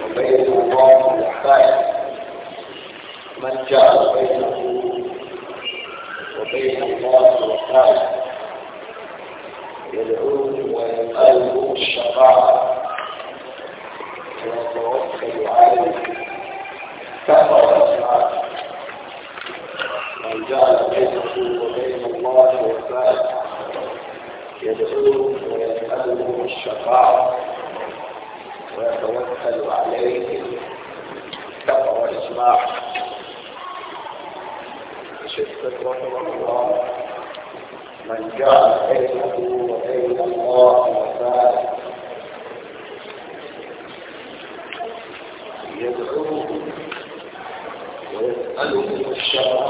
وبين الله من جاء بينه وبين الله والإحسان يدعوه ويسأله الشفاعة ويتوكل عليه كفر الإسلام من جاء بينه وبين الله والإحسان يدعوهم ويسألهم الشفاعة ويتوكل عليهم التقوى والإسماع شفت رحمه الله من جعل بينه وبين الله وفاء يدعوهم ويسألهم الشفاعة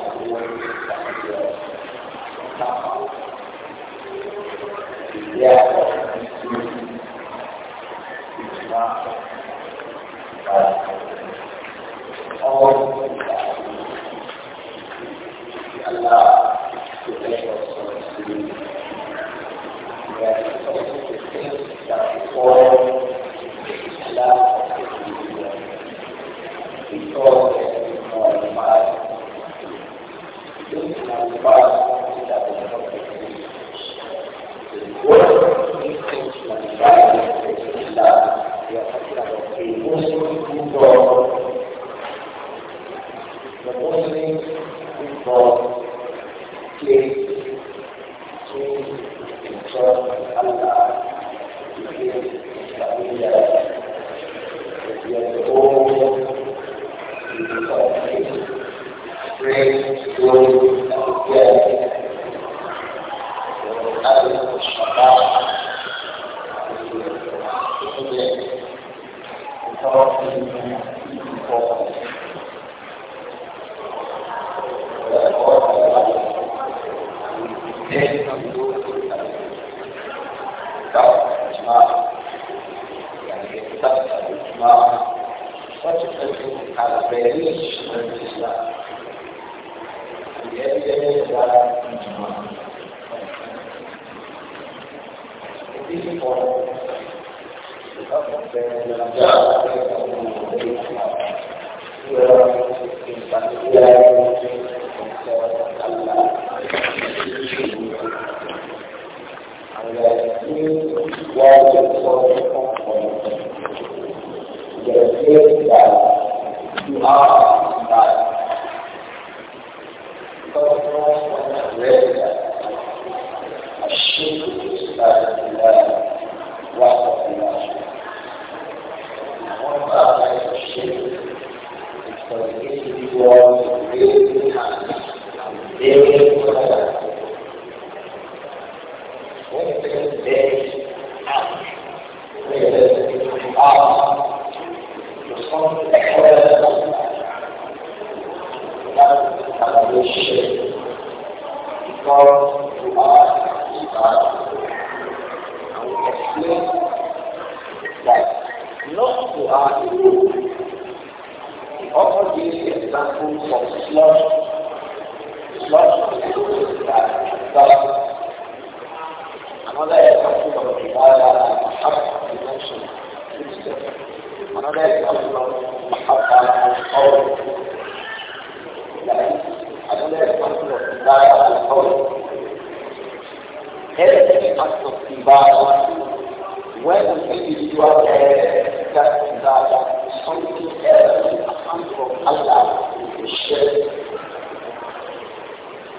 possa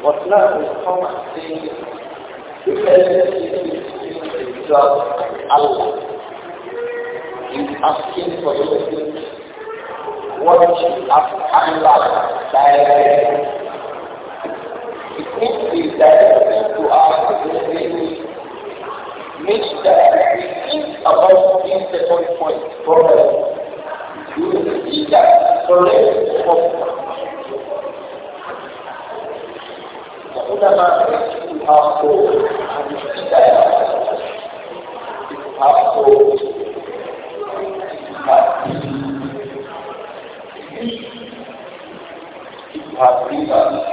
What's left is promising the benefit of Allah. He's asking for your things. What you ask Allah directly. It could be directed to ask the things which that we think about in the point for us. You see that correct إنما الحق الحق حقيقة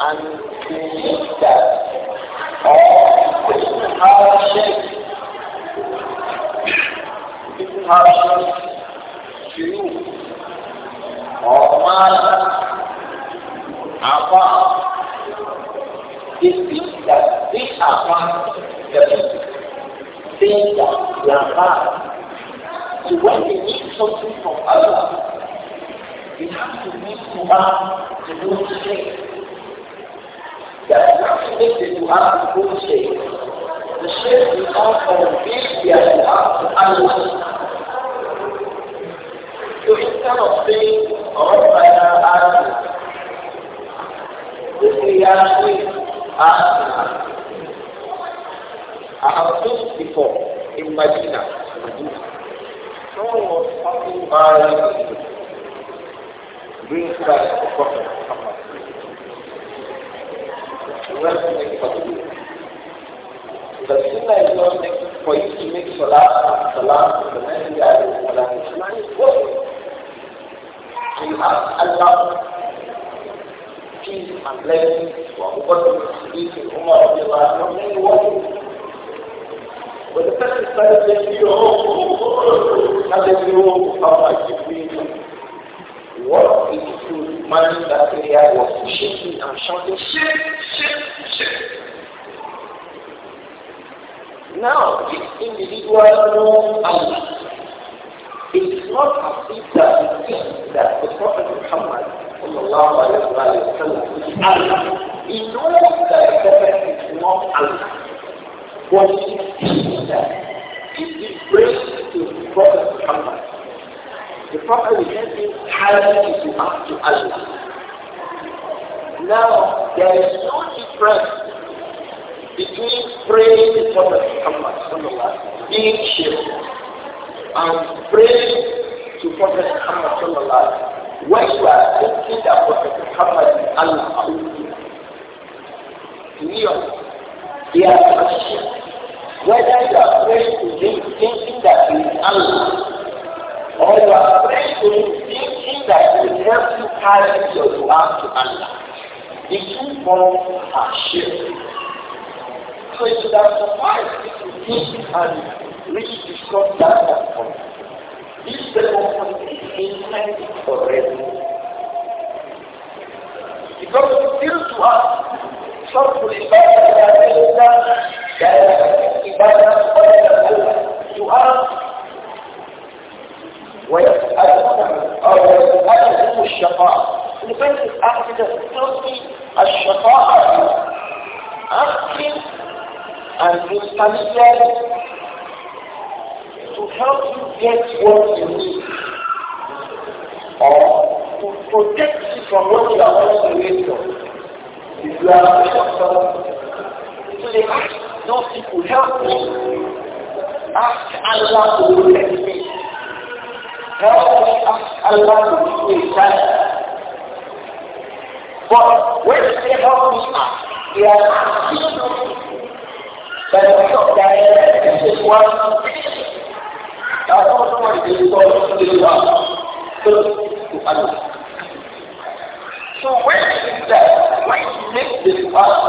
and believe that all hardship, hardship ta'ala Afa is that this Afa that is they So when they need something from Allah, they have to make dua to go to shaykh. They have to make the dua to go to shaykh. The shaykh is come and give their dua to Allah. So instead of saying Rabbana oh, Adam, this is actually Adam. I have looked before in Medina. Someone was talking by doing that for Prophet Muhammad. you. The sunnah is not for you to make salah salah the man who is salah. Islam is you have Allah, peace and blessings for Abu Bakr, Siddiq, and Umar, and many working. But the person started saying, oh, oh, oh, they know how it means. What if you manage that area was shaking and shouting, shake, shake, shake. Now, this individual knows Allah not as if that that the Prophet Muhammad sallallahu alayhi wa sallam is Allah. He knows that the Prophet is not Allah. But he sees if he prays to the Prophet Muhammad, the Prophet will help him carry to Allah. Now, there is no difference between praying to Prophet Muhammad sallallahu alayhi wa sallam being shirk and pray to Prophet Muhammad sallallahu when you are thinking that Prophet Muhammad is Allah Leon, they are question whether you are praying to him thinking that he is Allah or you are praying to him thinking that he will help you carry your dua to Allah. The two forms are shared. So it should have sufficed to think and which discuss that point. This second is inside already. Because it feels to us, شرط العبادة إلا عبادة سؤال I do يسألهم الشفاعة. The person is asking the filthy الشفاعة asking and is to help you get what you need or to protect you from what you are also later. If you are a doctor, so they ask those people, help me. Ask Allah to protect me. Help me ask Allah to give me time. But when they help me ask, they are asking that the help that is one So when he is When he makes this part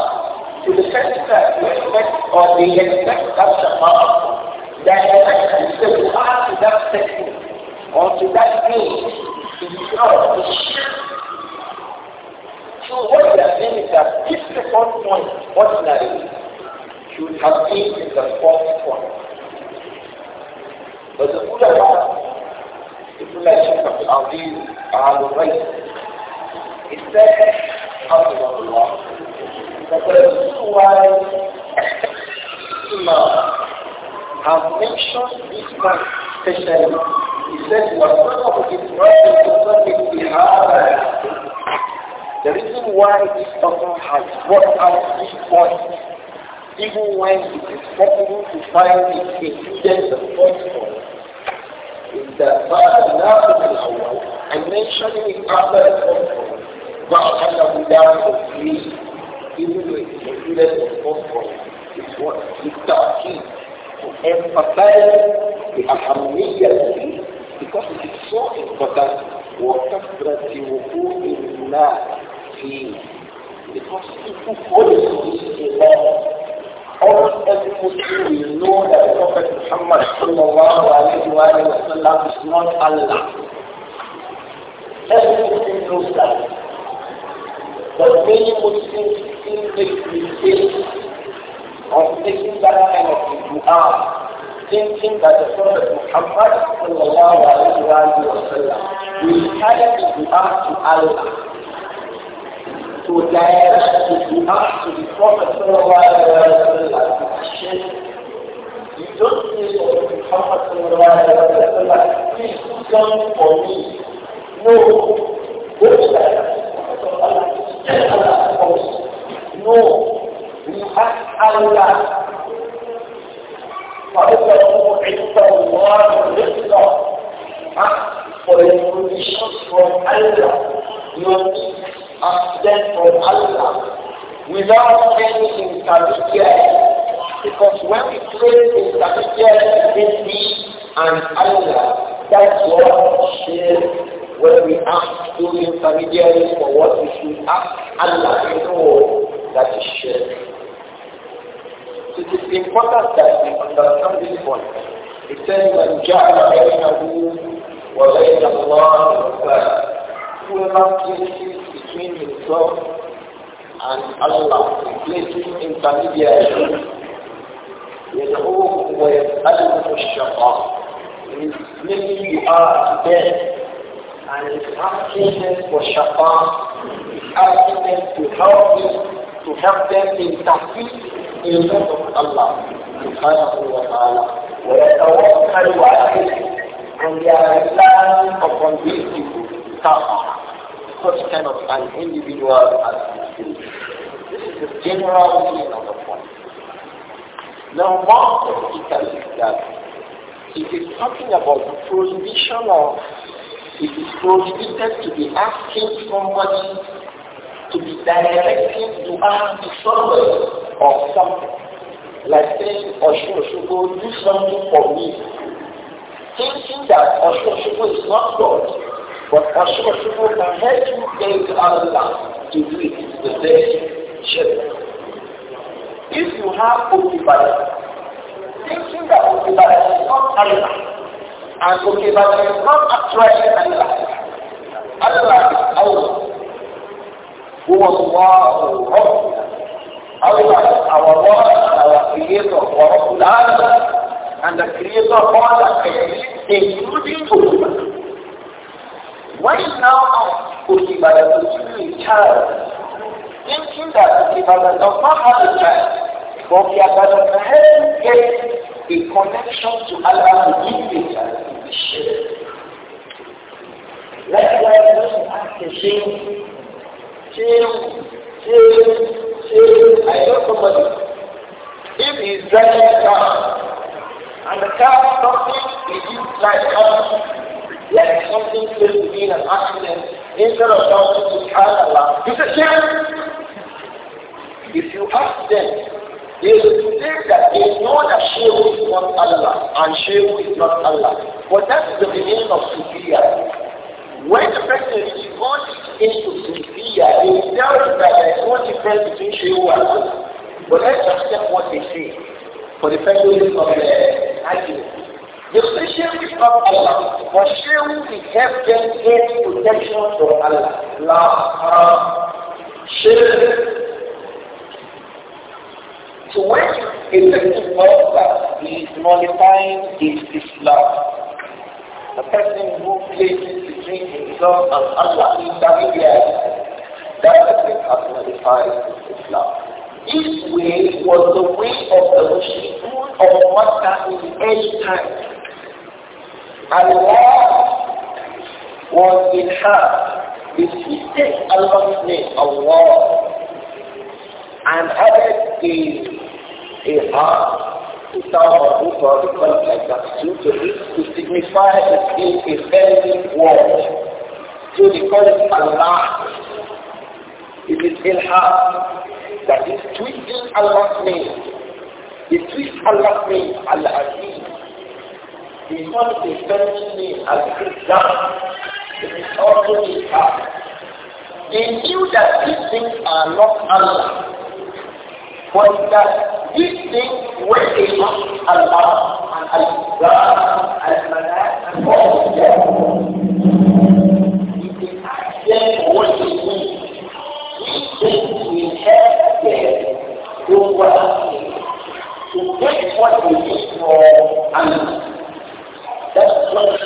to the sense that you expect or they expect that Shabbat, that expect the part to that section or to that name is not the shift. So what they are saying is that this second point ordinarily should have been in the fourth point. But the ulama, the ulama Sheikh Abdul Aziz Al Rais, he said, Alhamdulillah, the reason why Imam has mentioned this man specially, he said, وَصَنَّهُ The reason why this person has brought out this point even when it is possible to find it exceeded the first one. the that بعد ناقص الأول and mentioning it after the first one بعد أنه to تفريد even though it support the it, is one is what is تأكيد to emphasize the أهمية because it is so important وكثرة وقوع الناس فيه because people follow this almost every Muslim will know that Prophet Muhammad sallallahu alayhi wa sallam is not Allah. Every Muslim knows that. But many Muslims still make mistakes of making that kind of dua, thinking that the Prophet Muhammad sallallahu alayhi wa sallam will carry the dua to Allah to to the act to the Prophet You don't say that the Prophet please come for me. No, go to that. No, we have Allah for a provision from Allah. You are accident from Allah without any intermediary. Because when we place intermediary between me and Allah, that's what share when we ask to intermediaries for what we should ask Allah to know that is shared. So it is important that we understand this point. It says, "Man ja'ala bainahu wa Allah Whoever places between himself and Allah, replacing intermediaries. intermediary. He is He's making you are dead and is asking them for shafa, is asking them to help him, to help them in tafiq in the name of Allah subhanahu wa ta'ala. ويتوكل عليه and they are relying upon these people, such kind of an individual as this is. This is the general meaning of the point. Now, more specifically, that it is talking about the prohibition of, it is prohibited to be asking somebody to be directing to ask somebody or something. Like saying, Osho Oshogo, do something for me. Thinking that Osho Oshogo is not God, but Ashura Shukr had to get Allah to do the day Shukr. If you have Ukibaya, thinking that Ukibaya is not Allah, and Ukibaya is not actually Allah, Allah is Allah. Who was Allah, Allah is our Lord, our Creator, our Lord, and the Creator of all that exists, including Ukibaya. When he now asked Oshibada to choose a child, thinking that father does not have a child, but he had an a connection to Allah to give child to be shared. Likewise, when he asked the same, same, same, same, I know somebody, if he driving a car, and the car stops him, he like, like something came to be an accident instead of to shouting subhanallah. You "Sir, If you ask them, they will say that they know that Shehu is not Allah and Shehu is not Allah. But that's the beginning of Sufiya. When the person is born into Sufiya, they will tell you that there is no difference between Shehu and Allah. But let's accept what they say for the purposes of the uh, argument. The Christian is not Allah, but Shehu will help them get protection from Allah. La haram. So when you effective all that, he is nullifying his Islam. The person who places between himself and Allah in that way, that person has nullified Islam. This way was the way of the Muslims of Makkah in the any time. Allah was in her. If she takes Allah's name, Allah, and added a, a heart, to sound or do like that, due to it, to signify it is a bending word. So they call it Allah. It is in her That is twisting Allah's name. They twist Allah's name, Allah is not a feminine name as Islam. It is also a car. They knew that these things are not Allah. But that these things were a not Allah and Al-Islam, Al-Malak, and them. If they ask what they need, these things will help them go well. To get what they need from Allah. That's what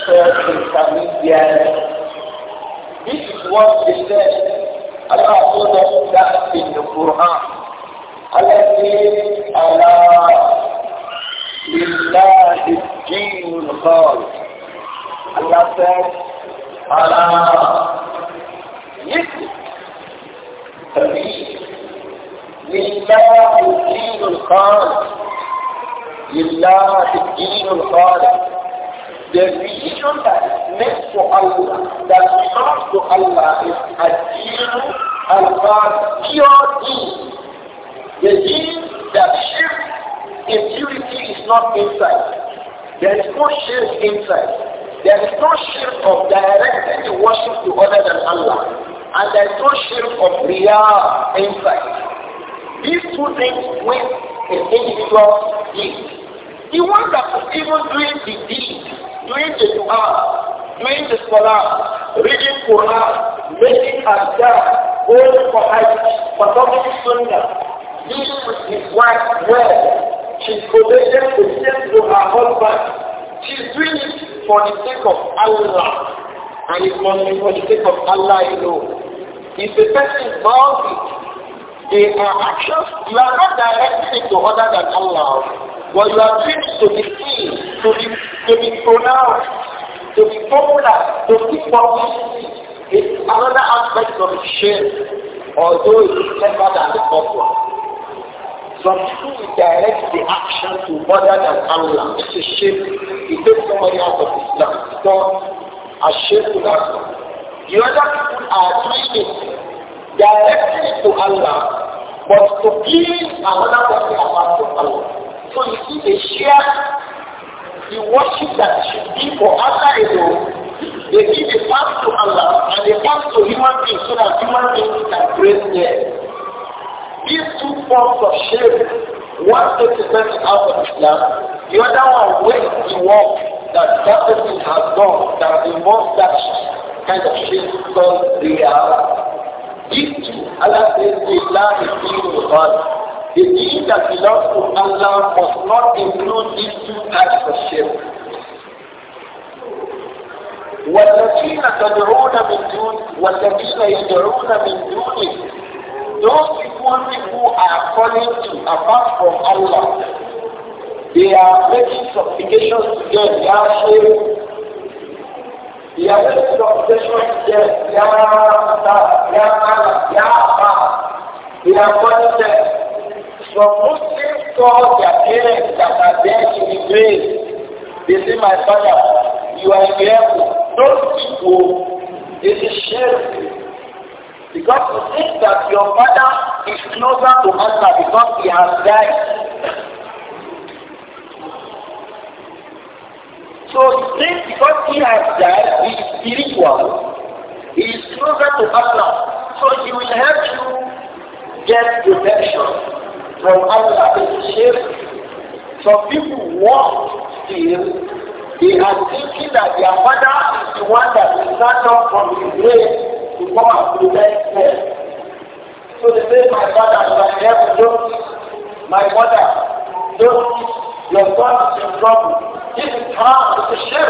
intermediary. This is what they said. Allah told us that in the Quran. Allah said, Allah, لله الدين الخالص. Allah said, Allah, listen, believe. لله الدين الخالص. لله الدين الخالص. The religion that is meant for Allah, that belongs to Allah, is Adil al-Badiyadi. The deen that shirk impurity is not inside. There is no shirk inside. There is no shirk of directing the worship to other than Allah. And there is no shirk of real inside. These two things went in individual deeds. The one that was even doing the deed doing the dua, doing the salah, reading Quran, making adhkar, going for hajj, performing sunnah, living with his wife well. She's committed to send to her husband. She's doing it for the sake of Allah. And it must be for the sake of Allah alone. If the person vows it, they are actions, you are not directing it to other than Allah, but you are doing it to the king torí torí pronoun torí formula torí publicity is another aspect of shame although it is better than the first one. Some people direct the action to other than Allah. It's a shame. It takes somebody out of Islam. It's a shame to that The other people are doing it directly to Allah but to please another person apart from Allah. So you see, they share the worship that should for after a law, they give the path to Allah and a path to human beings so that human beings can praise them. These two forms of shape, one takes a person out of Islam, the other one waits the work that that person has done that involves that kind of shape because they are these two, Allah says, they are the people The deed that belongs to Allah must not include these two acts of shirk. والذين تدعون من دون والذين يدعون من دونه those people who are calling to apart from Allah they are making supplications to them they are sharing they are making supplications to them they are Allah they are Allah are Allah they are calling them Your Muslim saw their parents that are there in the grave. They say, my father, you are in heaven. Those people, it is Because you think that your father is closer to Allah because he has died. So you think because he has died, he is spiritual. He is closer to Allah. So he will help you get protection. from outside the shirk. Some people walk still. They are thinking that their father is the one that will start up from his grave to come and prevent them. So they say, my father, my help, don't, my mother, don't, your son is in trouble. This is how it's a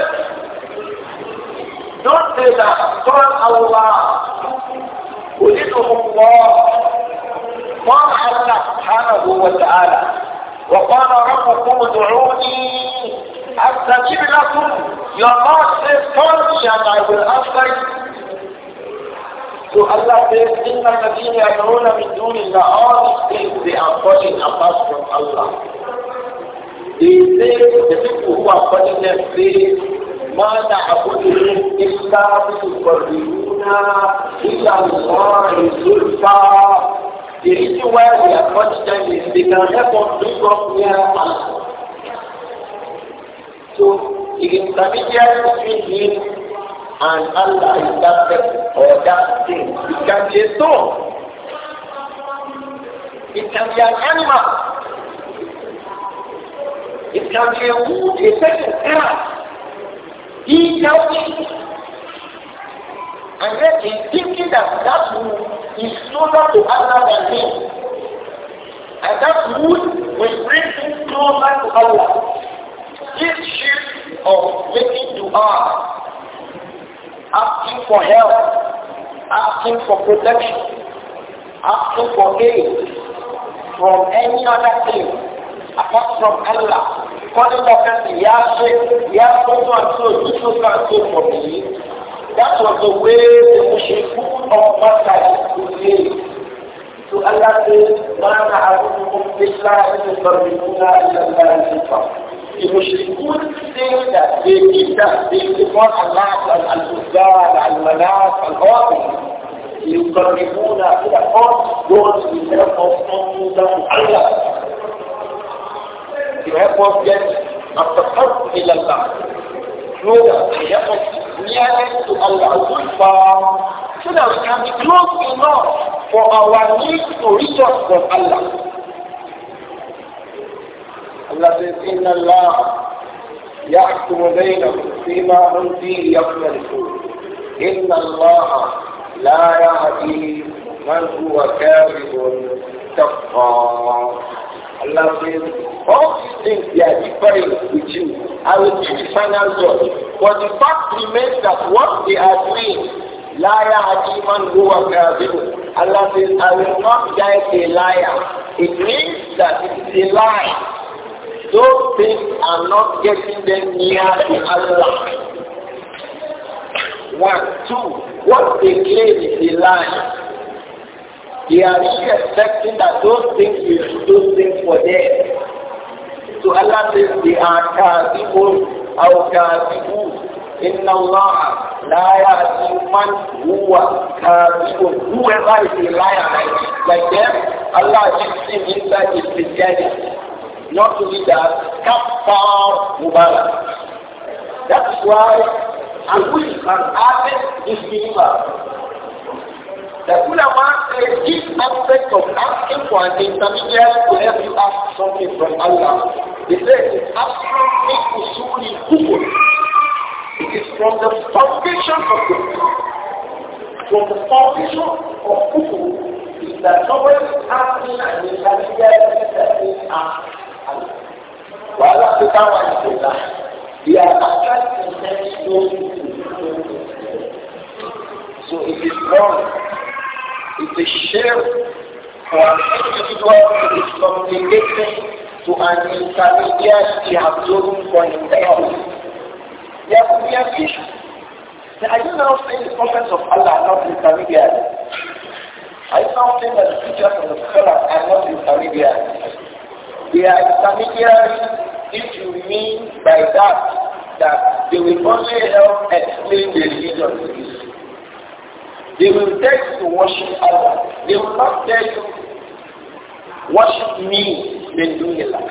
Don't say that, son Allah, we need to on. قال الله سبحانه وتعالى وقال ربكم ادعوني استجب لكم يا الله سيطرد يا نائب الاصغر تو الله ان الذين يدعون من دون الله اصبحوا بانفسهم من الله إذا هو ما إلا إلا The reason why we have much time is they can help us bring up nearer man. So the intermediary between him and Allah is that person or that thing. It can be a stone. It can be an animal. It can be a wood, a person, grass. He tells me and yet he's thinking that that wood is closer to Allah than him. And that wood will bring him closer to Allah. This shift of to Allah, asking for help, asking for protection, asking for aid from any other thing apart from Allah, calling the person, Ya Sheikh, to so and so, do so and so for me, That was the way the Mushrikun of Makkah behaved. So Allah says, مَا نَعَبُدُهُمْ إِلَّا إِنْ يُقَرِّبُونَا إِلَى اللَّهِ زُلْفَى The Mushrikun say that they did that, they depart Allah and Al-Uzza and Al-Manaf and all of يقربون إلى الأرض Allah. يتنفسون دون الله يحبون جد التقرب إلى الله شو يحبون nearest to Allah Allah's power so that we can be close enough for our needs to reach us from Allah. Allah says, "Inna الله يحكم بينهم فيما هم فيه يختلفون إن الله لا يهدي من هو كاذب تقى Allah says, all these things they are different with you. I will be final judge. But the fact remains that what they are doing لا يهدي who are كاذب Allah says I will not guide a liar it means that it is a lie those things are not getting them near to Allah one two what they claim is a lie they are really expecting that those things will do those things for them so Allah says they are kathibun أو كاذبون إن الله لا يهدي من هو كاذب هو غير liar like them Allah keeps him inside his Christianity not to that kafar mubarak that's why and we an this disbeliever the ulama says this aspect of asking for an intermediary to help you ask something from Allah he said it's absolutely usuli It is from the foundation of kufur. From the foundation of kufur is that somebody is acting and they can realize that they are Allah. that's the time I say that, they are attracting themselves to So it is wrong. It is shame for an individual to be communicating to an intermediate he has chosen for himself. There could be an issue. Are you now saying the prophets of Allah are not intermediate? Are you now saying that the teachers of the scholars are not intermediate? They are intermediaries if you mean by that that they will only help explain the religion to you. They will tell you to worship Allah. They will not tell you, worship me been doing a lot.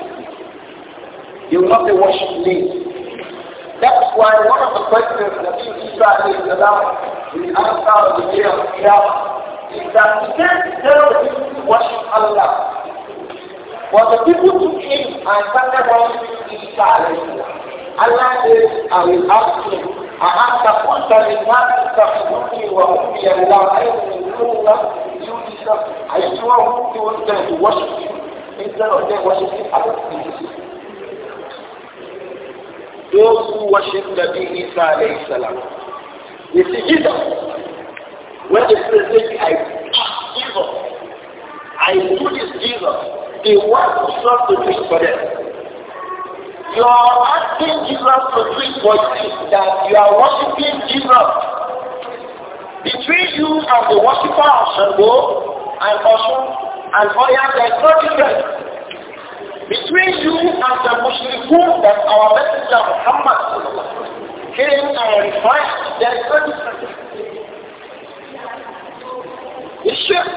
You will not be worship me. That's why one of the questions that you Israel is about the answer of the day of Qiyamah is that he can't tell the people to worship Allah. But the people took him and started worshiping Isa Allah says, I will ask him, أأنت قلت للناس اتخذوني وأمي الله أيضا من دون الله you deserve, I swear who you want to worship you. ìdá ọjọ́ wáṣẹ sí àbùkù yóò kú wáṣẹ nàbí ìsá alẹ́ ìsàlá yìí ìdá wọ́n ti fi ṣe kí àìsíkọ̀ àìsíkọ̀ ìsíkọ̀ to do for them. You are asking Jesus to do for you that you are worshiping Jesus. Between you and the worshiper of Shango and Oshun and Oya, there is no difference between you and the Muslim Mushrikun that our Messenger Muhammad came and refined. There is no difference. It's shirk.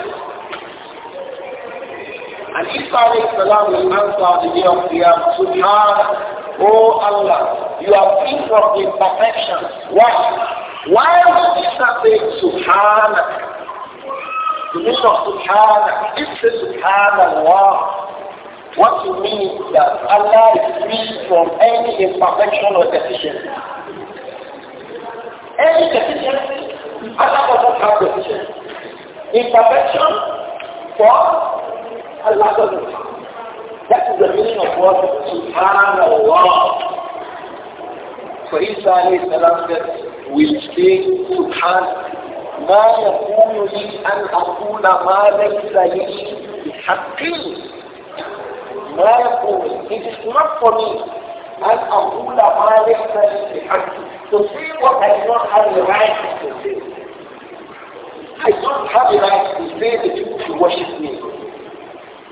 And Isa alayhi salam will answer the day of Qiyam, Subhanallah, O Allah, you are free from imperfection. Why? Why would Isa say, Subhanallah? The meaning of Subhanallah, if say Allah" what you mean is that Allah is free from any imperfection or deficiency. Any deficiency, Allah doesn't have deficiency. Imperfection, for Allah doesn't have. That is the meaning of what Subhanallah. So Isa alayhi salam said, we speak Subhanallah. ما يكون لي أن أقول ما ليس لي بحق ما يكون لي is not أن أقول ما ليس لي بحق To say what I do not have the right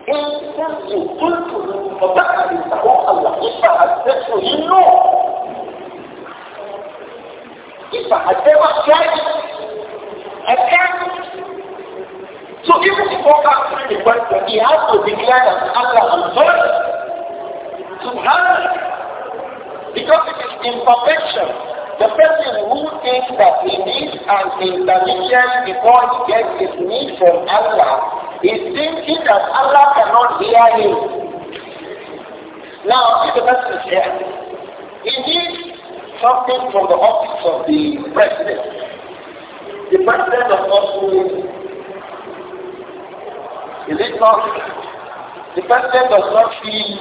إن كنت قلت Okay? So even before answering the question, he has to declare that Allah is God. Subhanallah. Because it is imperfection. The person who thinks that he needs an intervention before he gets his need from Allah is thinking that Allah cannot hear him. Now, see the person here. He needs something from the office of the president. the president of North is it not? The president does not feel.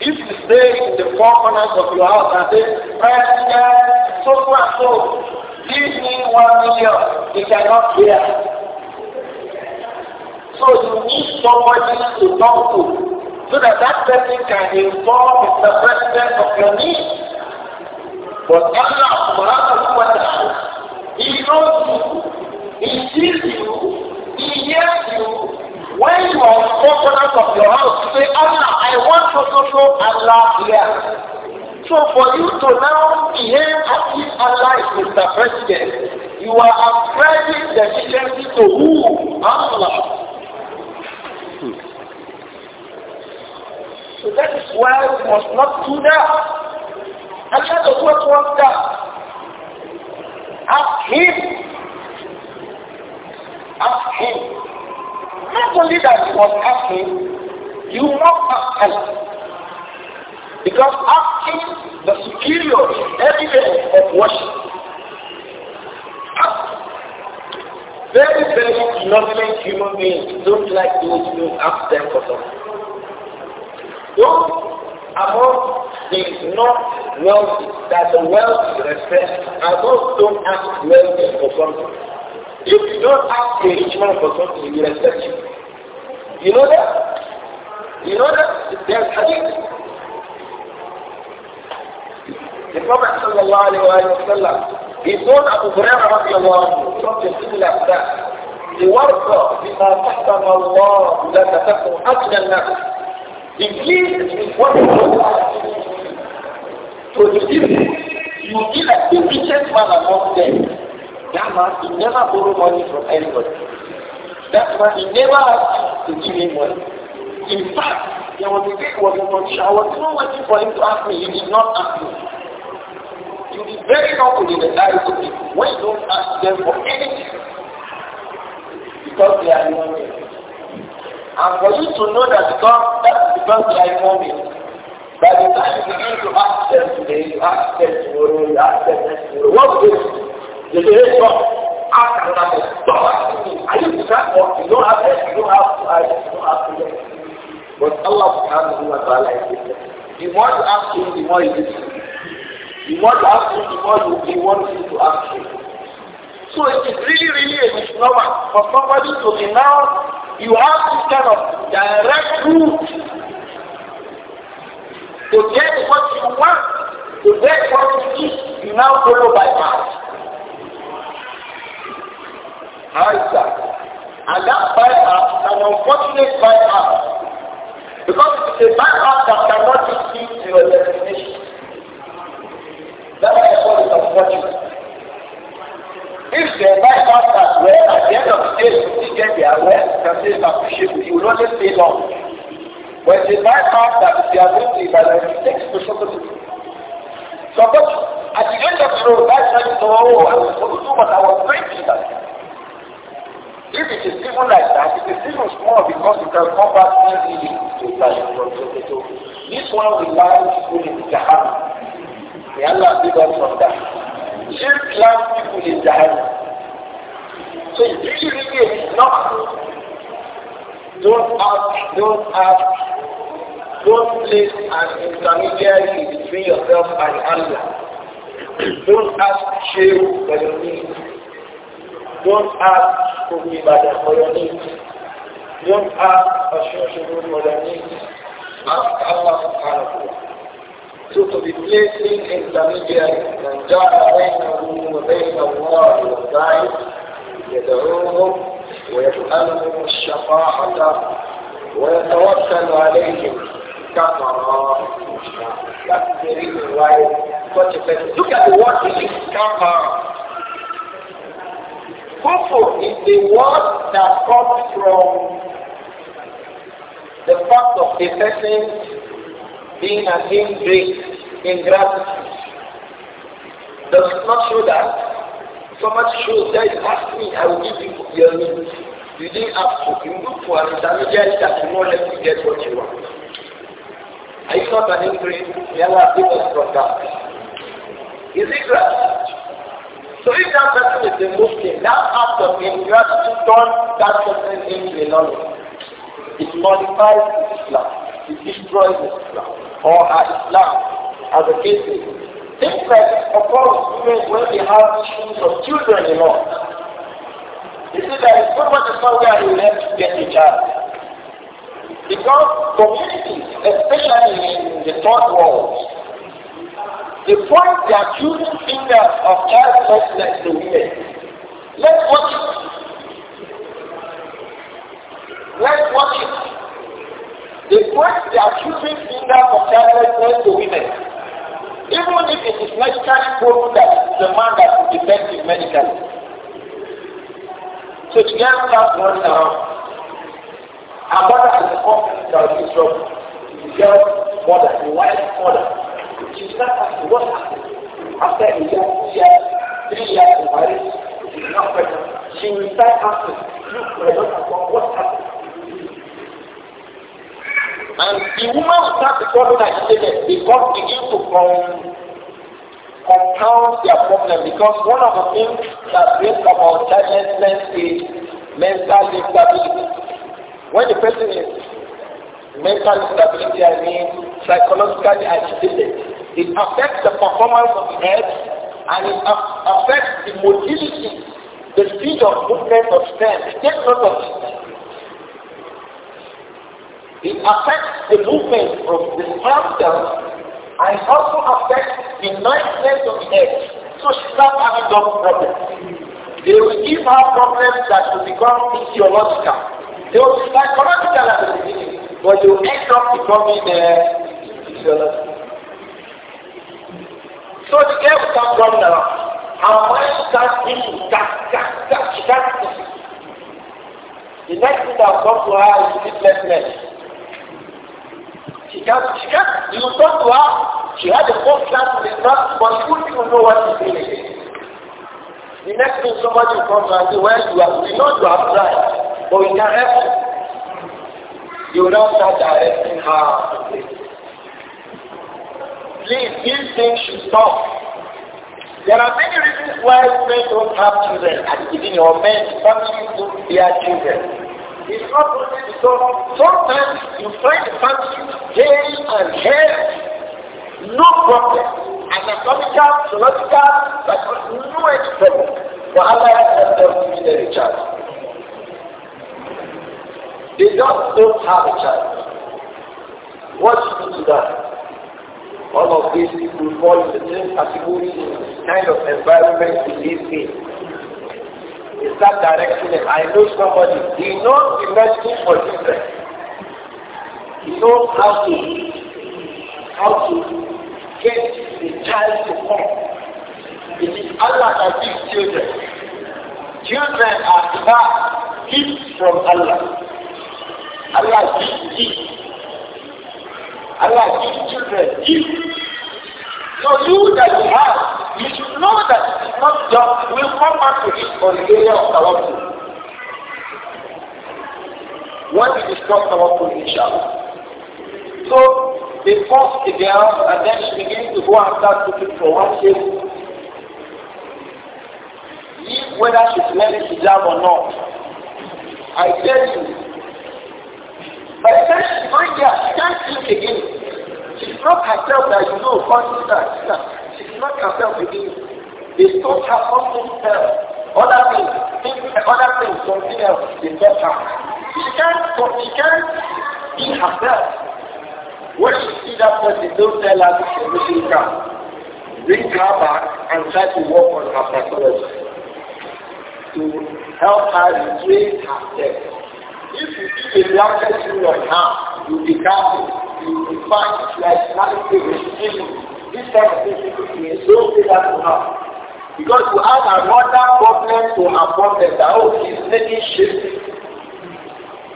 If you stay in the four corners of your house and say, President, so and so, give me one million, he cannot hear. So you need somebody to talk to so that that person can inform the president of your need. But Allah, subhanahu wa ta'ala, He knows you. He sees you. He hears you. When you are on the corners of your house, say, Allah, I want to so to Allah here. So for you to now behave as if Allah is Mr. President, you are ascribing the deficiency to who? Allah. So that is why we must not do that. Allah does what want that. Ask him. Ask him. Not only that you must ask him, you must ask him Because asking the superior is evidence of worship. Very, very ignorant human beings don't like those who ask them for something. Don't among the not wealthy, that the wealthy respect, and those don't ask wealthy for something. If you don't ask a rich man for something, he respect you. You know that? You know that? There's a hadith. The Prophet sallallahu alayhi wa sallam, his own Abu Hurairah radiallahu something similar to that. The word for God, بِمَا تَحْتَمَ اللَّهُ لَكَ تَكُمْ أَجْنَ النَّاسِ It gives what is to the people. You be like the richest man among them. That man, he never borrow money from anybody. That man, he never asked to give him money. In fact, there was a day was in I was not waiting for him to ask me. He did not ask me. You be very humble in the eyes of people when you don't ask them for anything because they are your And for you to know that God, that's because you are a moment. By the time you begin to ask them today, you ask them tomorrow, you ask them next tomorrow, what do you do? You say, God, ask another. Stop asking me. Are you that or you don't have this, you don't have to ask, you don't have to this. But Allah subhanahu wa ta'ala is different. The more you ask him, the more he gives you. The more you ask him, the more he wants you to ask him. So it is really, really a misnomer for somebody to be now to get what you want, to get what you need, you now follow by mouth. How is that? And that bypass an unfortunate bypass. This one requires people in Jahannam. May Allah save us from that. Shirk lands people in Jahannam. So if you really is not, don't ask, don't ask, don't place an intermediary between yourself and Allah. don't ask shame for your needs. Don't ask for be for your needs. Don't ask a for your needs. Ask Allah subhanahu wa ta'ala. So to be placing intermediaries من جعل بينه وبين الله والداعي يدعوهم ويسألهم الشفاعة ويتوكل عليهم كفر That's the such a person. Look at the word in kafar. Kufr is the word that comes from the fact of a person being an ingrate, ingratitude does not show that so much shows that you ask me, I will give you your needs. You didn't ask for, you look for an intermediary that you won't let you get what you want. Are you not an ingrate, you Allah give us from that. Is it right? So if that person is a Muslim, that act of ingratitude turns that person into a knowledge it modifies Islam, it destroys Islam, or our Islam, as a case is. Things like women, when they have issues of children in law. They say that it's not much as where you have to get a child. Because communities, especially in the third world, they point their children fingers of child sex to women. Let's watch Let's watch it. They point their accusing finger for childlessness to women. Even if it is medically proven that the man that is defective medically. So to get that one now, A mother is a company that is from the girl's mother, the wife's mother. She's not asking what happened. After a year, two years, three years of marriage, she's not pregnant. She will start asking, look, my daughter, what happened? And the woman will start becoming agitated because begin to come compound their problem because one of the things that brings about childlessness is mental instability. When the person is mental instability, I mean psychologically agitated, it affects the performance of the head and it affects the motility, the speed of movement of strength. Take note of it affects the movement of the sperm and also affects the niceness of the egg. So she starts having those problems. They will give her problems that will become physiological. They will be psychological at the beginning, but they will end up becoming uh, physiological. So the girl starts not run around. Her mind starts thinking, that, that, that, she The next thing that comes to her is sleeplessness can't, she can't, you talk to her, she had a fourth class in the but she wouldn't even know what she's doing The next thing somebody will come and say, well, you have, we know you have tried, but we can't help you. You will now start directing her. Please, these things should stop. There are many reasons why men don't have children at the beginning, or men, families don't bear children. It's not only because Sometimes you find the family gay and hair, no problem. Anatomical, zoological, but no any problem. For Allah has not given them a child. They just don't have a child. What should you do to that? All of these people fall in the same category, kind of environment we live in. In that direction, I know somebody. He knows the medicine for children. He knows how to how to get the child to come. It is Allah that gives children. Children are not gifts from Allah. Allah gives gifts. Allah gives children gifts. So you that you have, you should know that it's not just, we'll come back to it on the area of Tawakkul. When we discuss about inshallah. So, they force the girl and then she begins to go and start looking for one shape. whether she's wearing hijab or not. I tell you, by the time she's going there, she can't sleep again. It's not herself that you know consider. It's not herself within you. They thought her something else. Other things, things, other things, something else. They not her. She can't, she can't be herself. When she see that person, don't tell her this is really Bring her back and try to work on her psychology. To help her retrain herself. If you see a black person on her, you become you find your Islamic religion, this kind of thing people create, don't say that to her. Because you have another problem to her the that, oh, she's making shit.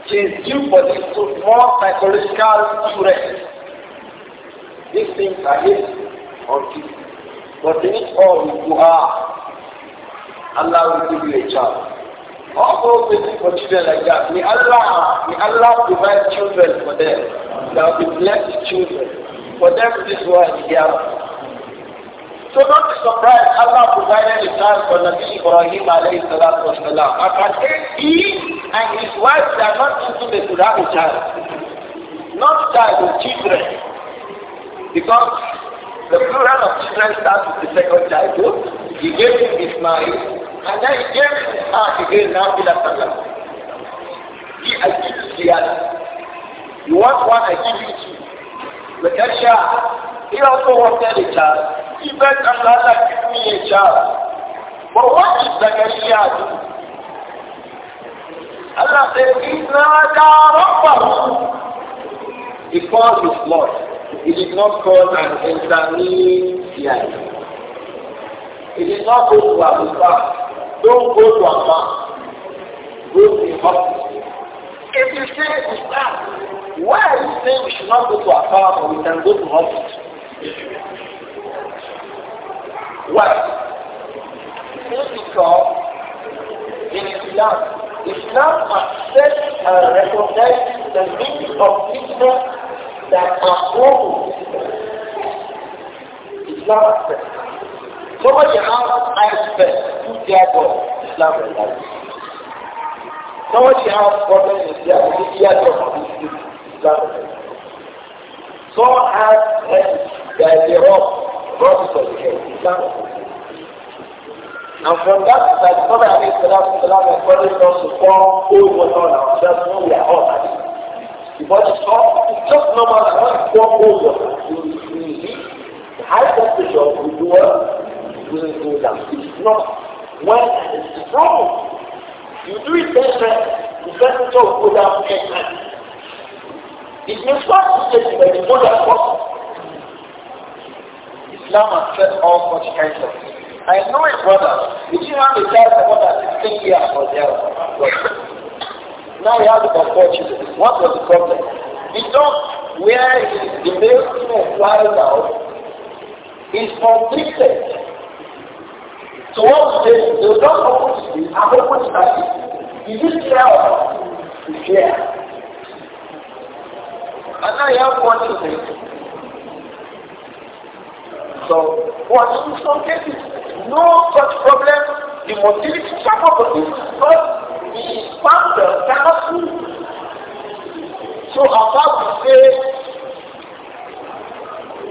She's due for this to more psychological duress. These things are here on people. But in it all, you are. Allah will give you a chance. All those waiting for children like that, may Allah, may Allah provide children for them. There will be blessed children for them this world is here. So not be surprised Allah provided a child for Nabi Ibrahim alayhi salatu wasalam. After he and his wife they are not intimate to have a child. Not child, but children. Because the plural of children starts with the second child. he gave him Ismail, and then he gave him Isaac again, now Bilasalam. He achieved the other. You want one, I give you two. But Elisha, he also wanted a child. He begged Allah to give me a child. But what did Zachariah do? Allah said, He's not our He called his Lord. It is not called an intermediary. It is not go to Abuja. Don't go to Amma. Go to hospital. If you say it is Islam, why are you saying we should not go to Afar but we can go to hospital? Why? because in Islam, Islam accepts and recognizes the need of people that are open Islam accepts. Somebody has eyes to fear God, Islam allows. Somebody has problem in fear, who fear God, has head, there is a rock, rock is the head, And from that, that Prophet Ali Sallallahu Alaihi Wasallam encouraged us to form old water on ourselves we are all at but it's, all, it's just normal that What you over, you the high temperature of the water will go down. It's not when it's wrong. You do it better. the temperature will go down ten times. It may start to when you go down possible. Islam has said all such kinds of things. I know a brother, which you have a child for 16 years or now we have the misfortune. What was the problem? The dog where the male female flies out is conflicted. So what they The they don't open it and open it back. Is it fair or not? It's And now you have one thing. So, what? in some cases, no such problem, the motility, some of the things, the founder cannot So how we say,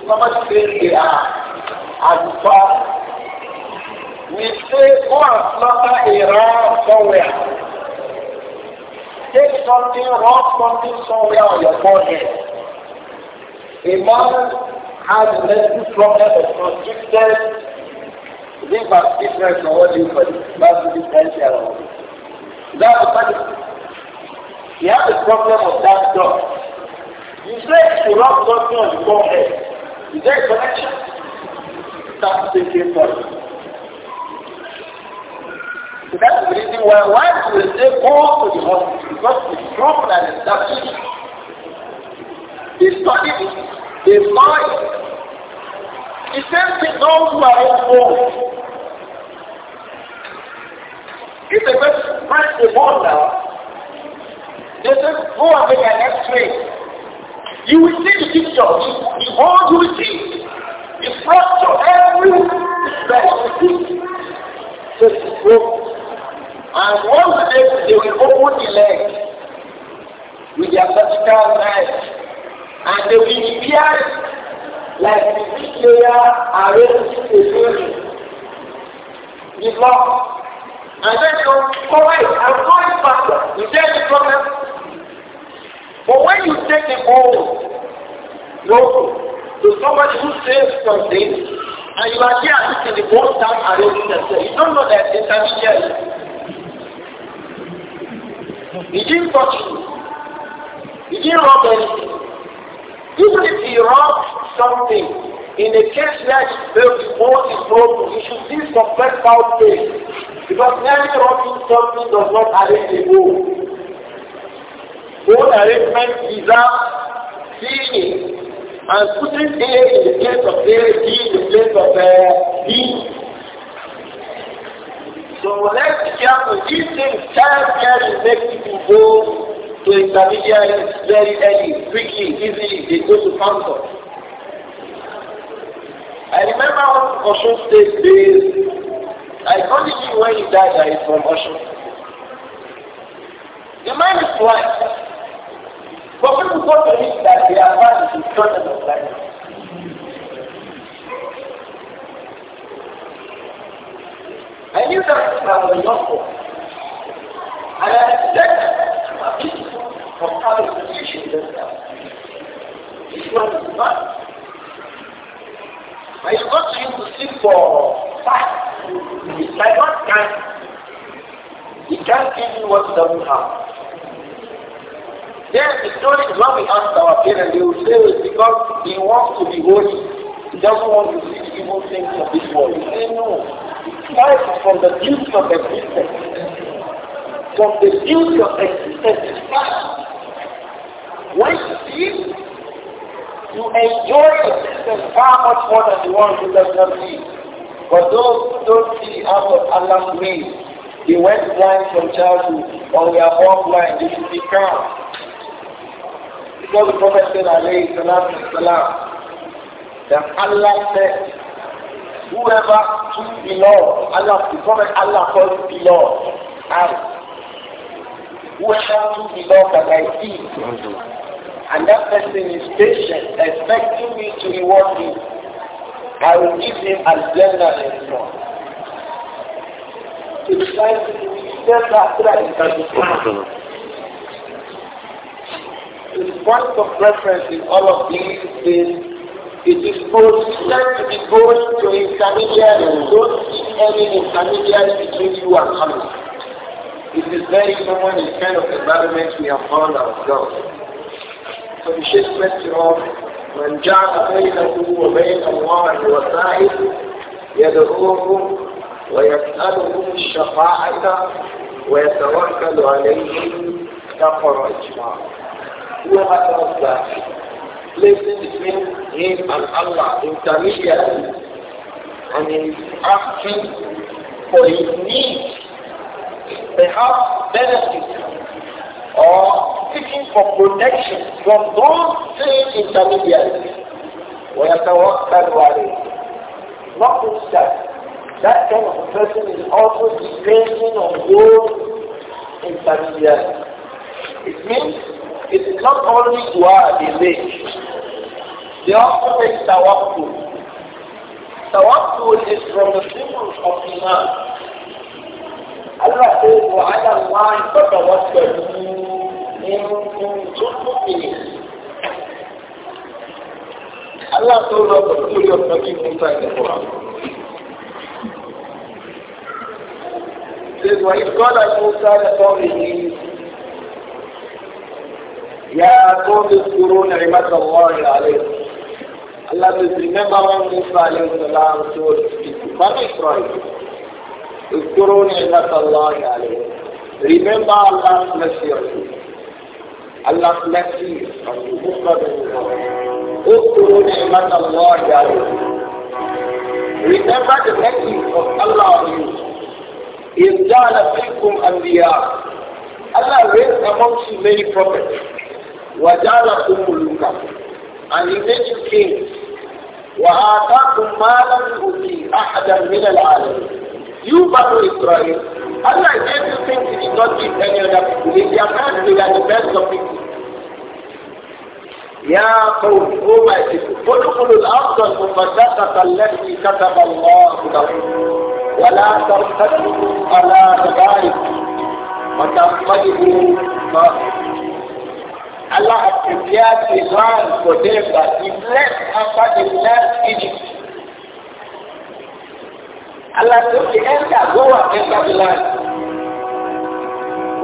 somebody says they are Alufa. We say go and slaughter a ram somewhere. Take something, rub something somewhere on your forehead. A man has a medical problem of constricted liver sickness or what do you call it? That's the differential that's the problem. You have a problem of that dog. You say you rub something on the forehead. Is there a connection? Start thinking for it. So that's the reason why wives we say go to the hospital because the proven and established. They studied it, they saw The same thing those who are at If a person press the button now, they say, go and make an x-ray. You will see the picture, the whole you will see. The every that you see. So it's broken. And once they, they will open the leg with their vertical knife and they will repair like the big layer arranged a building. The block And then you correct and going backward. You get the problem? But when you take the old local to somebody who says something, and you are here looking the whole time arranging yourself, you don't know that it's intermediary. He didn't touch you. He didn't rob anything. Even if he robbed something, in a case where the boat is broken, you should see some first out pain. Because nearly rocking something does not arrange the bone. Bone arrangement deserves seeing and putting A in the place of A, B in the place of uh, B. So let's be careful. These things, childcare is making people go to intermediaries very early, quickly, easily. They go to council. I remember when Oshun State days, I only knew when he died that he's from Oshun. The man is white. But people go to him that they are bad is in front of the life. I knew that I was a young boy, And I expected my people from other institutions themselves. This one is not I it's not you to seek for five. The stomach can't. He can't give you what he doesn't have. Then the story is when we ask our parents, they will say it's because he wants to be holy. He doesn't want to see the evil things of this world. He say no. Life is from the beauty of existence. From the beauty of existence is When you see, you enjoy it is far much more than the one who does not see. But those who don't see out of Allah's way, they went blind from childhood, or we are born blind, they should be crowned. Because the Prophet said, alayhi salam salam, that Allah said, whoever keeps the law, Allah, the Prophet Allah calls the law, and whoever keeps the law that I see, and that person is patient, expecting me to reward him. I will give him a general reward. It's time to is after that The point of reference in all of these things. it is consistent to be going to intermediaries. Don't see any intermediary between you and Allah. It is very common in kind of environment we have found ourselves. فبشدة الصراط من جعل بينه وبين الله وسائل يدعوهم ويسألهم الشفاعة ويتوكل عليهم كفر إجماع وهذا الصلاة ليس between him and Allah intermediary and he is بحق for his needs benefits or seeking for protection from those same intermediaries. that way. Not just That That kind of person is also depending on those intermediaries. It means it is not only to they village. They also take tawakkul. Tawakkul is from the people of Iman. Allah says, وَعَلَى اللَّهِ فَتَوَكَّلُوا Allah told us the story of Nabi Musa in the Quran. says, وَإِذْ قَالَ مُوسَى لِقَوْمِهِ يا قوم اذكروا نعمة الله عليكم Allah says, remember when Musa alayhi salam told Bani Israel, اذكروا نعمة الله عليكم Remember Allah's mercy on you. الله لك فيه اذكروا نعمة الله عليكم Remember the blessings of Allah on you. إِذْ جَعَلَ فِيكُمْ أَنْبِيَاءَ Allah raised amongst you many prophets. وَجَعَلَكُمْ مُلُوكًا And He made you kings. وَآتَاكُمْ مَا لَمْ يُؤْتِ أَحَدًا مِنَ الْعَالَمِينَ You, Banu Israel, Unlike everything he did not give any other people. They are not they are the best of people. يا قوم قوم ادخلوا الارض المقدسه التي كتب الله لكم ولا ترتدوا على تبارك وتنقلبوا Allah has prepared a land for them that he blessed after they left Egypt. Allah said, the enter, go and enter the land.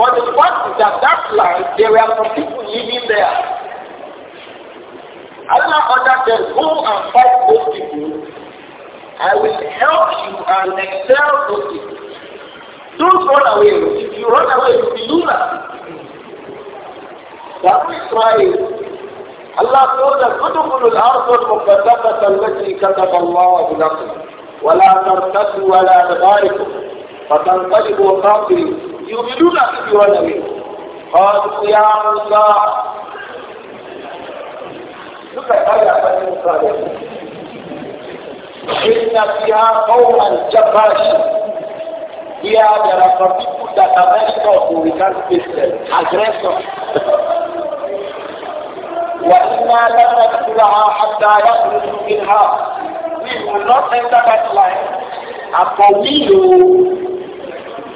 But the fact is that that land, there were some people living there. Allah ordered them, go and fight those people. I will help you and excel those people. Don't run away. If you run away, you'll be loser. That is why Allah told us, ادخلوا الأرض المقدسة التي كتب الله لكم. ولا ترتدوا ولا تباركوا فتنقلبوا خاطري يؤمنون في ولا قالوا يا موسى إن فيها قوما جبارين هي there are some people وإنا لن ندخلها حتى يخرجوا منها We will not enter that life. And for me, you,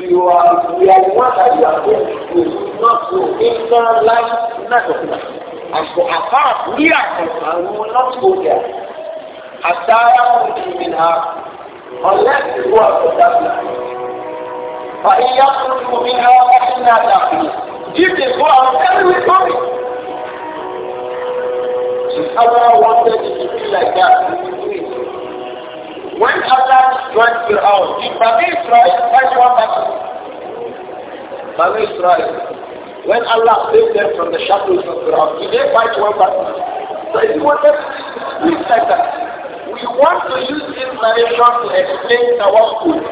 you are, you are one that you are going to do. Not to enter life, not of life. so as far as we are concerned, we will not go there. As Sarah will be in her, unless you go out of that life. فإن يخرجوا منها فإنا داخلون. If they go out, then we go. If Allah wanted it to be like that, we will do it. When Allah destroyed Fir'aun, did Bani Israel fight one battle? Bani Israel. When Allah saved them from the shackles of Fir'aun, did they fight one battle? So if you want to speak like that, we want to use this narration to explain tawakkul.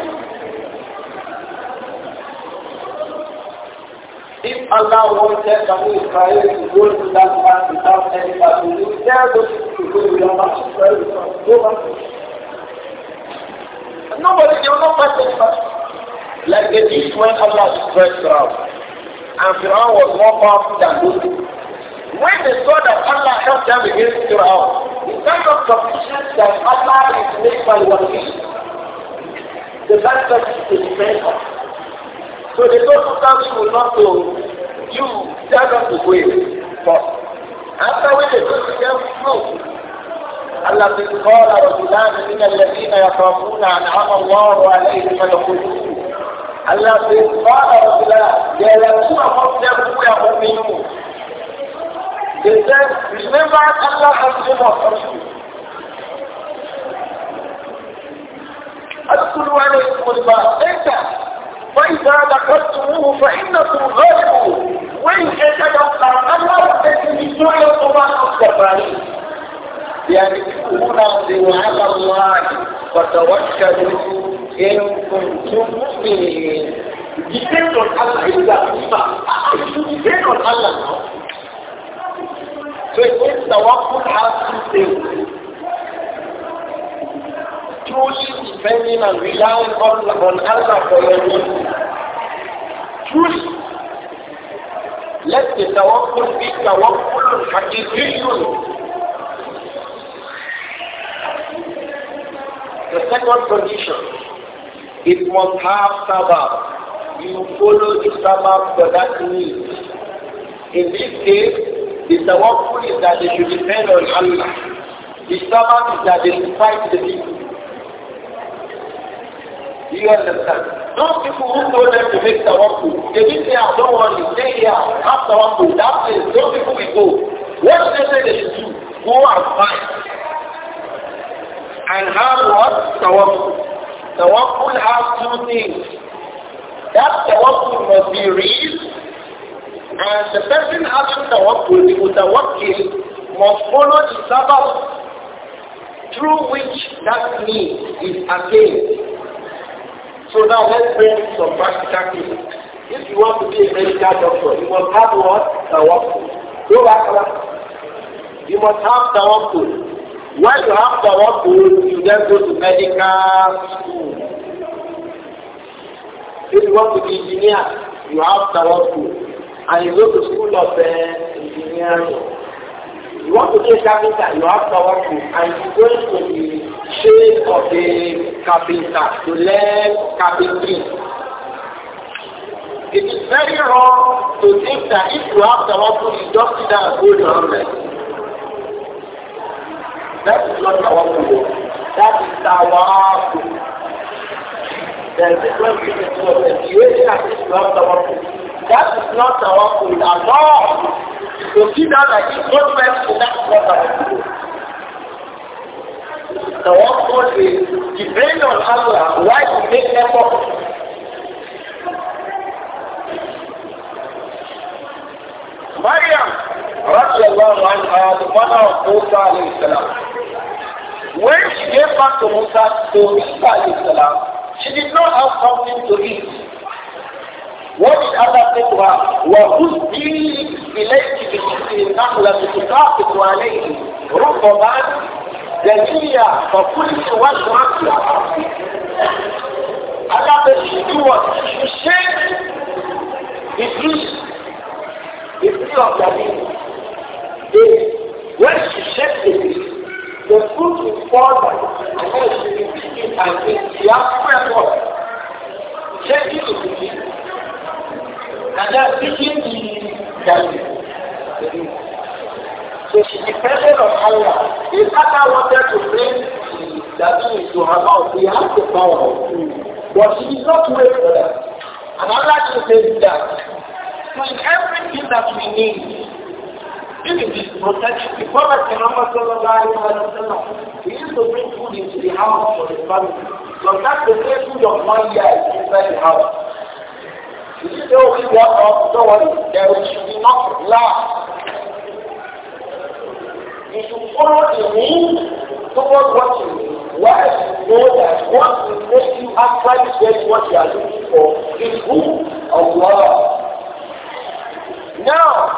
If Allah wanted Bani Israel to go to that battle without any battle, he would tell those to go to the battle, go back. Nobody, they will not fight anybody. Like they did when Allah stretched out. And Firaun was more powerful than those When they saw that Allah helped them against Firaun, the kind of competition that Allah is made by one king, the best that is made of. So they told Sultan, you will not go. You tell them to wait first. After we they go to them, no. التي قال رجلان من الذين يخافون انعم الله عليهم يدخلون التي قال رجلان يلزم قبله يؤمنون They said, remember Allah has given us you. عليكم الباب انت فاذا دخلتموه فانكم غالبون وان اعتدوا على الله فانتم سوء الله الكفارين يملكون رضوا على الله وتوكلوا إن كنتم مؤمنين Depend on Allah, it is a believer. You depend on Allah. So it means tawakkul has two things. Truly depending and relying on, Allah for your needs. Truly. Let the tawakkul be tawakkul hakikiyun. The second condition, it must have sabbath. You follow the sabbath for that need. In this case, the tawakkul is that they should depend on Allah. The sabbath is that they should fight the people. Do you understand? Those people who told them to make tawakkul, they didn't say, I ah, don't want to stay here, have tawakkul, that place, those people will go. What do they say they should do? Go and fight. and have what? Tawakkul. Tawakkul has two things. That tawakkul must be real and the person having tawakkul, the mutawakkil, must follow the sabbath through which that need is attained. So now let's bring some practical things. If you want to be a medical doctor, you must have what? Tawakkul. Go back. You must have tawakkul. When you have the work to do, you then go to medical school. If you want to be engineer, you have the work to and you go to school of uh, engineering. You want to be a carpenter, you have the work to and you go to the trade of a carpenter to learn carpentry. It is very wrong to think that if you have the work to, you just sit down and go that is not our goal that is our goal there is a different between the two of them the way that is not our goal that is not our goal at all to see that like it's not meant for that is not our goal the one goal is depend on Allah why we make effort Mariam رضي الله عنها the mother of Musa alayhi salam. When she gave back to Musa, to Isa alayhi salam, she did not have something to eat. What did Allah say to her? وَهُزِّي إِلَيْكِ بِشِكِّ النَّخْلَةِ تُسَاقِطُ عَلَيْهِ رُطَبًا جَنِيًّا فَكُلِّ وَاشْرَبِي Allah said she do what? She shake the tree, the tree of Then, when she said this, the food will fall down, and then she will pick it and eat. She has spread what? Checking the and then picking the garlic. So she depended on Allah. If Allah wanted to bring that is to her mouth, he had the power of food. But she did not wait for that. And Allah should say that. So in everything that we need, even this protection, the Prophet Muhammad sallallahu alayhi wa sallam, he used to bring food into the house for the family. So that's the same food of one year is inside the house. you know we got off, don't worry, there should be not laugh. You should follow the rules towards what you need. Why you know that what will make you actually get what you are looking for is who? Allah. Now,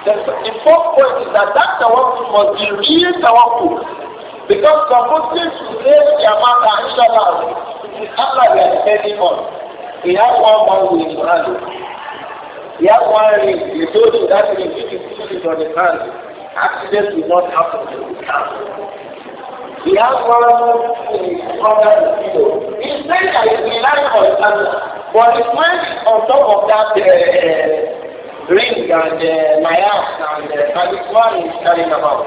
The, fourth point is that that tawakkul must be real tawakkul. Because some Muslims will say their matter, inshallah, it is Allah we are depending on. We have one man with his hand. We have one ring. We told you that ring, if you put it on his hand, accident will not happen to his We have one in his corner of the pillow. He's saying that he's relying on Allah. But his mind is on top of that. Uh, ring and uh, ass and uh, and this one is carrying about.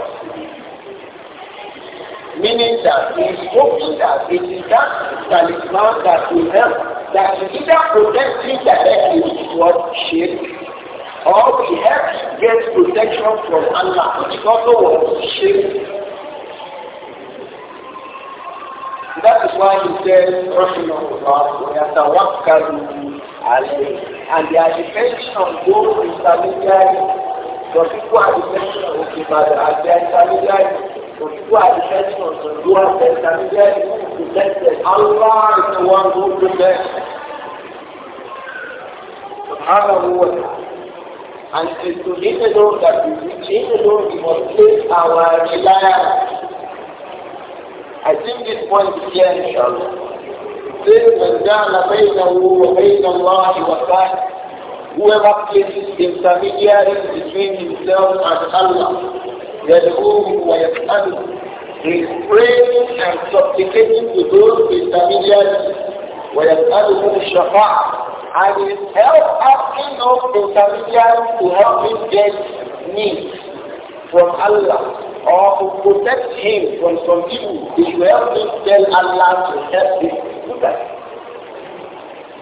Meaning that he is hoping that it is that talisman that will help, that will either protect him directly with what shape, or will help get protection from Allah, which also was shape That is why he says, Rahimahullah, وَيَتَوَكَّلُوا عَلَيْهِ And they are depending on those intermediaries. The people are depending on the as their the The people are depending on the dual intermediaries who protect them. Allah is the one who protects them. Subhanahu wa ta'ala. And it is to him alone that we, him alone we must place our reliance. I think this point is clear, inshallah. Say, من جعل بينه وبين الله وكان Whoever places intermediaries between himself and Allah, يدعوه ويسأله, is praying and supplicating to those intermediaries, ويسأله shafa, and is help asking those intermediaries to help him get needs from Allah or to protect him from some evil, if you help him tell Allah to help him. Do that.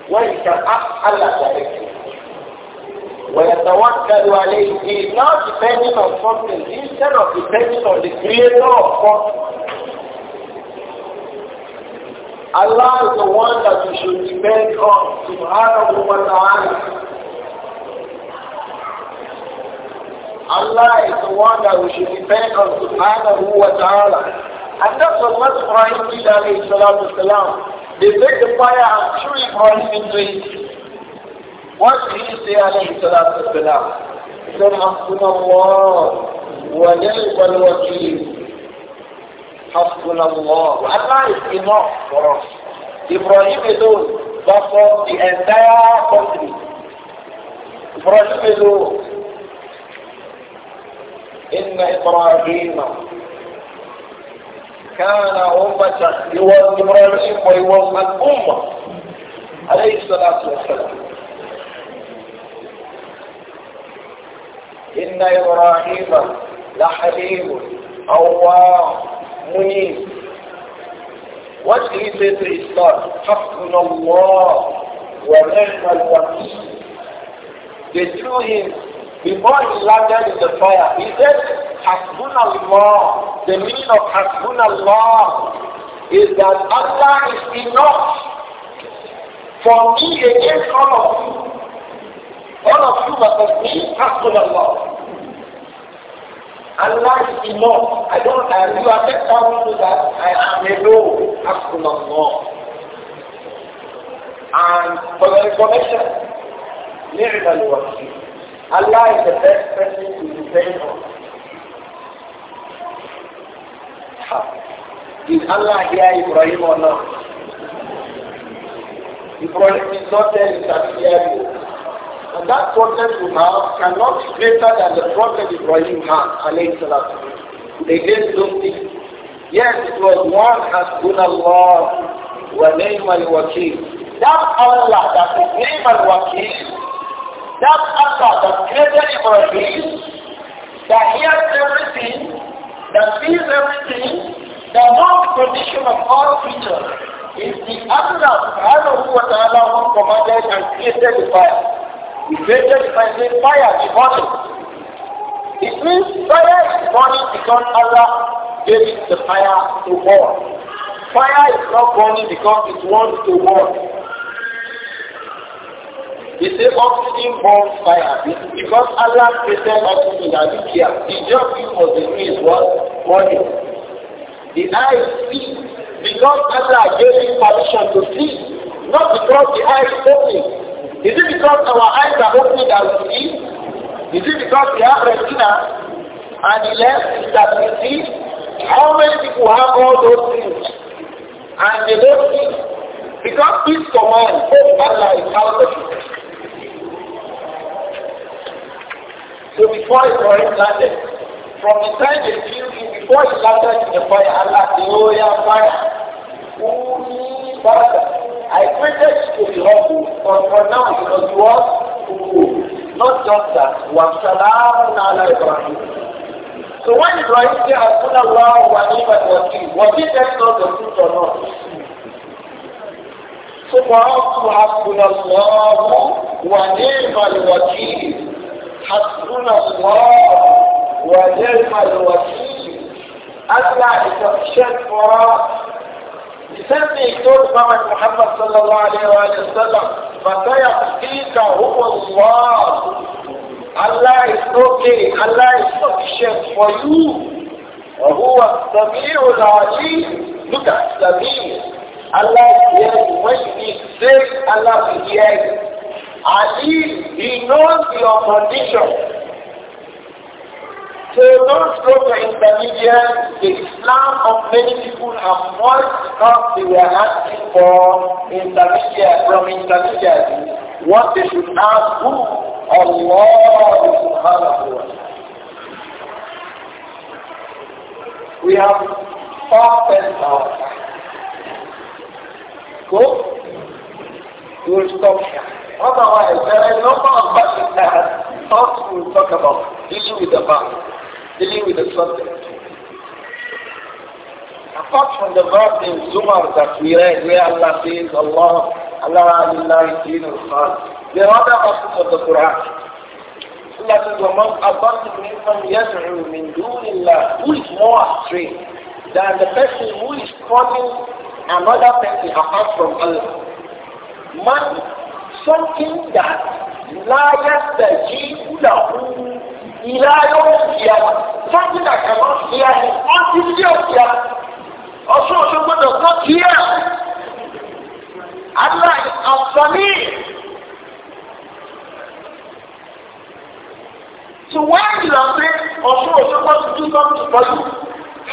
When he can ask Allah directly. you are, he is not depending on something instead of depending on the creator of something Allah is the one that you should depend on to a wa ta'ala Allah is the one that we should depend on subhanahu wa ta'ala. And that's what Allah Ibrahim did alayhi salatu They take the fire and threw Ibrahim into it. What did he say alayhi salatu wasalam? He said, حَسْبُنَ اللَّهُ وَنِعْمَ الْوَكِيلُ حَسْبُنَ Allah is enough for us. Ibrahim alone buffered the entire country. Ibrahim alone إن إبراهيم كان أمة يوم إبراهيم ويوم الأمة عليه الصلاة والسلام إن إبراهيم لحليم أواه منيب What he الإسلام to اللَّهُ وَنِعْمَ الْوَكِيلُ They threw him Before he landed in the fire, he said, Hasbunallah. The meaning of Hasbunallah is that Allah is enough for me against all of you. All of you versus me, Hasbunallah. Allah is enough. I don't, I, uh, you have not told me that I am alone. Hasbunallah. And for the information, نعم الوكيل Allah is the best person to depend on. Is Allah here Ibrahim or not? Ibrahim is not there in Safiya. And that prophet you have cannot be greater than the prophet Ibrahim had, alayhi salatu. They did something. Yes, it was one Allah, wa name al-wakil. That Allah, that is name al-wakil, that Allah that created Ibrahim, that hears everything, that sees everything, the non-condition of all creatures is the Allah subhanahu wa ta'ala who commanded and created the fire. He created by the fire, the body. It means fire is burning because Allah gave the fire to burn. Fire is not burning because it wants to burn. He said oxygen burns fire because Allah created oxygen and nuclear. The job you must do is what? Money. The eyes see because Allah gave him permission to see, not because the eyes open. Is it because our eyes are open that we see? Is it because we have retina and the left is that we see? How many people have all those things and they don't see? Because this command, oh Allah is out of it. So before it was landed, from the time they killed him, before he landed in the fire, Allah said, Oh yeah, fire. Uni Baraka. I created you to be humble, but for now it was what? Not just that. Wa na ala Ibrahim. So when Ibrahim said, Alhamdulillah wa ni'mat wakil, was it that not the truth or not? So for us to have Allah wa ni'mat wakil, حسبنا الله ونعم الوكيل ألا يتخشد وراء يسمي كل محمد محمد صلى الله عليه وآله وسلم فسيخفيك هو الله الله is okay, Allah is sufficient for you. وهو السميع العليم Look at Samir. Allah is hearing when he says Allah is hear Ali, he knows your condition. So don't go to intermediate. The Islam of many people have voiced because they were asking for intermediate from intermediate. What they should ask who? Allah subhanahu wa We have four ten thousand. Go. We will stop here. Otherwise, there are a number of verses that thoughts we will talk about dealing with the verse, dealing with the subject. Apart from the verse in Zumar that we read, where Allah says, Allah, Allah, Allah, Deen al-Khal, there are other verses of the Quran. Allah says, وَمَنْ أَضَلُّ مِمَّنْ يَدْعُو مِنْ دُونِ Who is more strange than the person who is calling another person apart from Allah? Man something that la yastajibu lahu ila yawm qiyamah something that cannot hear him until the day of qiyamah ọsọ ọsọgbọn does not hear Allah is unfamil so when you are saying ọsọ ọsọgbọn do something for you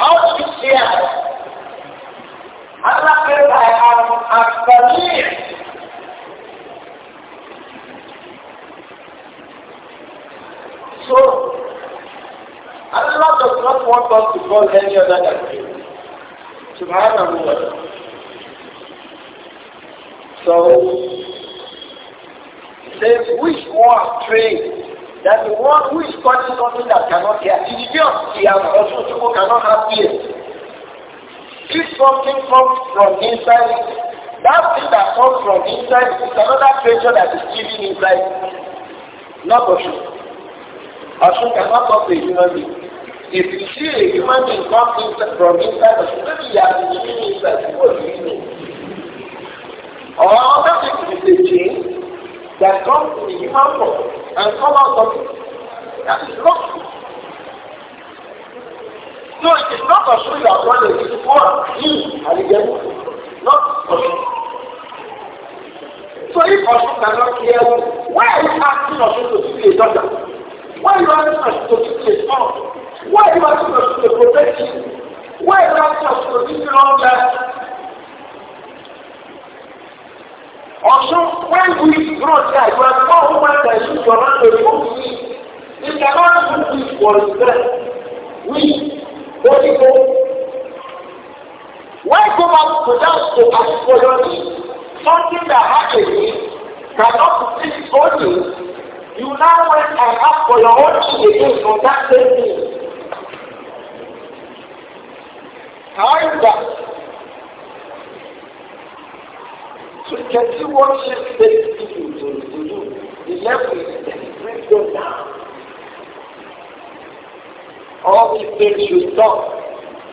how do you hear Allah says I am unfamil. So, Allah does not want us to call any other than Him. Subhanahu wa So, says, which one trained that the one who is calling something that cannot hear, is just he has also people cannot have ears. If something comes from inside, that thing that comes from inside is another creature that is living inside, not for sure. Ocean cannot talk to a human being. If you see a human being come inside from inside the ocean, maybe you have been living inside, what do you know? Or that it is a that comes from the human form and come out of it. That is not true. No, it is not Ocean that one is for you not Ocean. So if Osun cannot hear you, why are you asking Osun to see a doctor? Why you asking us to give this up? Why you asking us to protect you? Why you asking us to give you all that? Also, when we brought that, we are not woman that you cannot remove me. You cannot do this for yourself. We, Holy Ghost, why go back to that to ask for your needs? Something that happened cannot be only You now went and asked for your own thing again from that same thing. How is that? So you can see what she's saying to do. The level is bring them down. All these things should stop.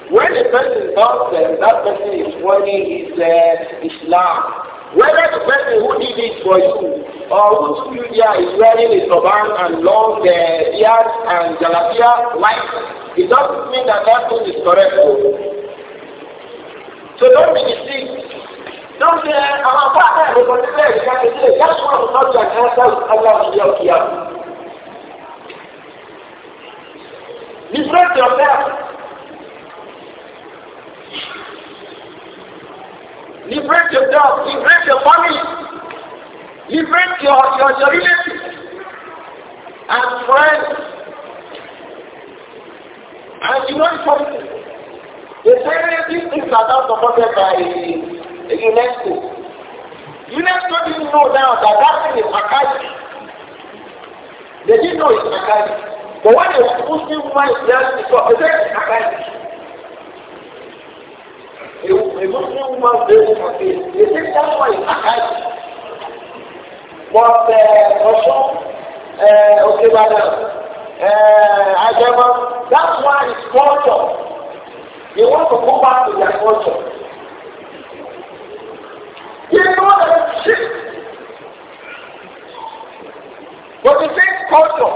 When a person does them, that person is warning his uh, Islam. Whether the person who did it for you or who took you there is wearing a turban and long uh, and jalabia like, it doesn't mean that that thing is correct. So don't be deceived. Don't say, uh, I'm a father, I'm a father, I'm a father, that's one of the thoughts that answer with Allah in your Qiyam. Defend yourself. liberate yourself. liberate your family, liberate your, your, your relatives and friends. And you know something? The very these things are supported by UNESCO. UNESCO didn't know now that that thing is archaic. They didn't know it's archaic. But when they were supposed to be women, they said it's archaic a Muslim woman very happy. They say that one is Ahad. But uh, Osho, uh, that one is culture. They want to go back to their culture. They know that shit. But the same culture,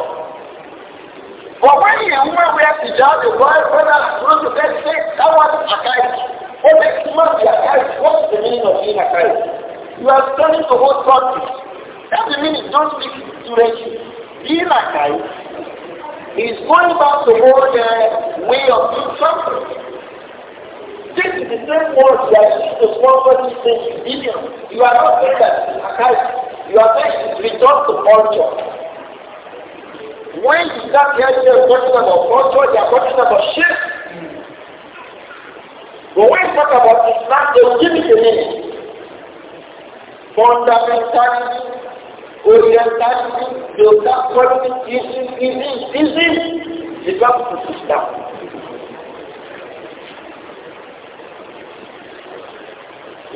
but when you wear hijab, the boy brother is going to get sick. That was a guide. But next month you are carried. What is the meaning of being a carried? You are turning to hold God. That's the meaning. Don't speak French. Being a carried is going about to hold the uh, way of doing something. This is the same word that used to sponsor this thing in billions. You are not saying that a carried. You are saying it's return to culture. When you start hearing them talking about culture, they are talking about shape. But When you talk about Islam, they will give it a name. Fundamentalism, Orientalism, Geographicalism, Islam, Islam, Islam, Islam is Islam.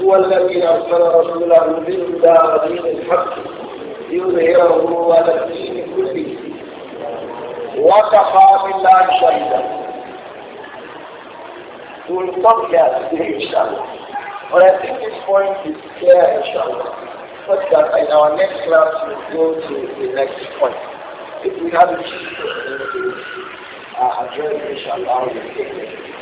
هو الذي أرسل رسوله بالهدى ودين الحق ليظهره على الدين كله وكفى بالله شهيدا We will stop here today, inshallah. But I think this point is clear, inshallah, such that in our next class we'll go to the next point. If we have issues, uh, address, inshallah, we'll take it.